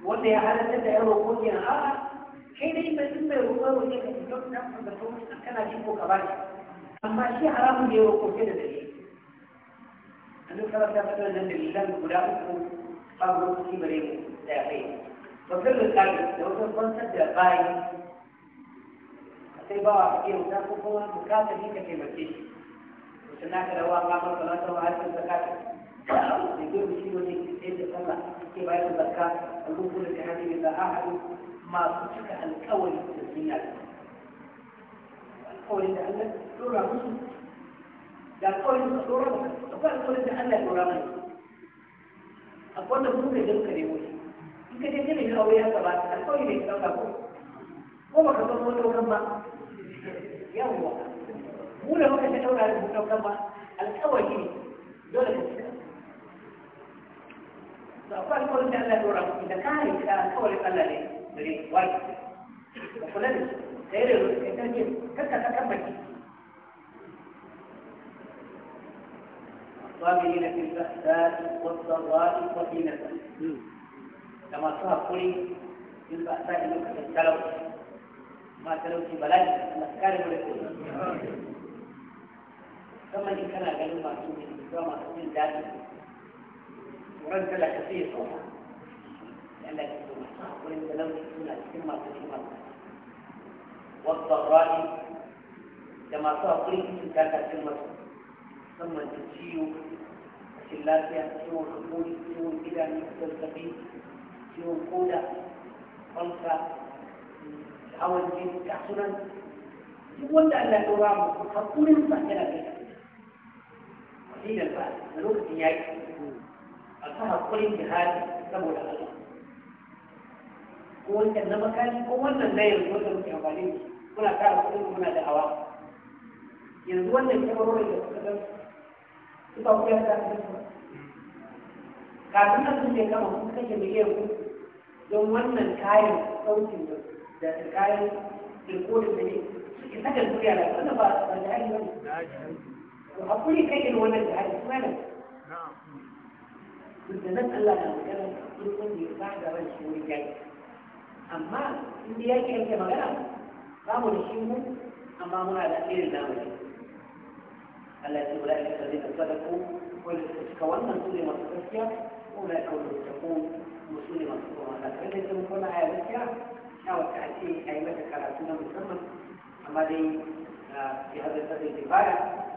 wanda ya halatta da yaro ko ke a kai dai mai sun mai roƙo roƙe ka fito da da kana ji ko ka ba amma shi haramun da ya roƙo ke da dare annabi sallallahu alaihi wasallam nan da lilan guda uku babu lokaci bare da ya kai Wasu da da wasu kwantar da bayi sai bawa a iya wuta ko kuma bukatar ne ka taimake shi idan naka da wa kafar salatar wa harkar zaka ta da gurbi shi ne ke sai da sallah ke bayar da zakka a rubu da kana ne da ahadu masu cika alƙawari da duniya alƙawari da Allah dora musu da alƙawari da dora musu akwai alƙawari da Allah dora mai akwai wanda mun kai ganka ne wani in ka dai ne ka aure haka ba alƙawari ne ka ɗauka ko ko ba ka zama wani wurin ba yawwa mu da muka ta daura da daukan ba alƙawari ne dole ka tsaya da akwai alƙawarin da Allah ya dora muku da kare ka alƙawarin Allah ne gare wai da kula da shi da yare da kai tarke kakka ka tabbaki الصابرين في البأساء والضراء وحين كما صاحب قولي في البأساء لك التلوث ما تلوث بلاش ما كان يقول musamman in kana ganin masu zuwa masu jin daɗi ran da ka sai sauka Allah ya so masu hakurin da lamu suna cikin masu hikima wasu ra'i da masu hakurin cikin kakacin masu musamman da ciwo rashin lafiya ciwon hakuri ciwon idanu zazzabi ciwon koda kwanta hawan jini ga sunan duk wanda Allah ya dora mu hakurin sa yana kai dinar ba a lokacin yaƙi a kan haƙurin jihadi saboda Allah ko wancan na makani ko wannan na yanzu wanda muke amfani da muna kara kuɗin muna da hawa yanzu wannan kyamarorin da suka san su ba ku yarda da su kafin nan sun kama kun kashe miliyan ku don wannan kayan sautin da kayan ko da ne suke sakar duniya da wanda ba da hali ba ne hakuri kai irin wannan da ake mana da nan Allah na magana duk wanda ya ba da ran shi wani yaki amma in da yaki magana ba mu da shi mu amma muna da irin namu ne Allah ya tsira ya tsare da sadaku wanda suka wannan su ne masu gaskiya ko na kawo da ko musu ne masu kuma da kai da sun kona aya gaskiya shawarta a ce a yi mata karatu na musamman amma dai ah, ya haɗa da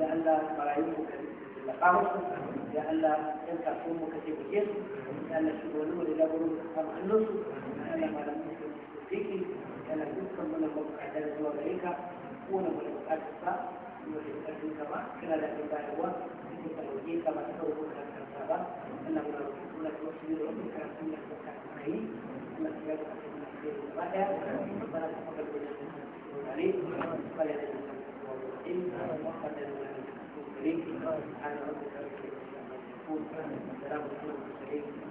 ya Allah marayu mu ka tallafa musu ya Allah ɗan kasuwan mu kace taimake su ya Allah wani mu da jagoran mu hannun su ya Allah malamin mu ka taimake su ya Allah dukkan mu na mabukata da zuwa gare ka na mu da bukatar sa mu da bukatar ka ba kana da ɗan bayarwa kuma ka ka ba ta kawo ko ka karanta ba Allah mu na rubutu na kuma shi ne wani karatu na kuma ka kai Allah ya ga ka taimake ba ɗaya ba na kuma ka taimake mu ba ne ba ya da Thank you.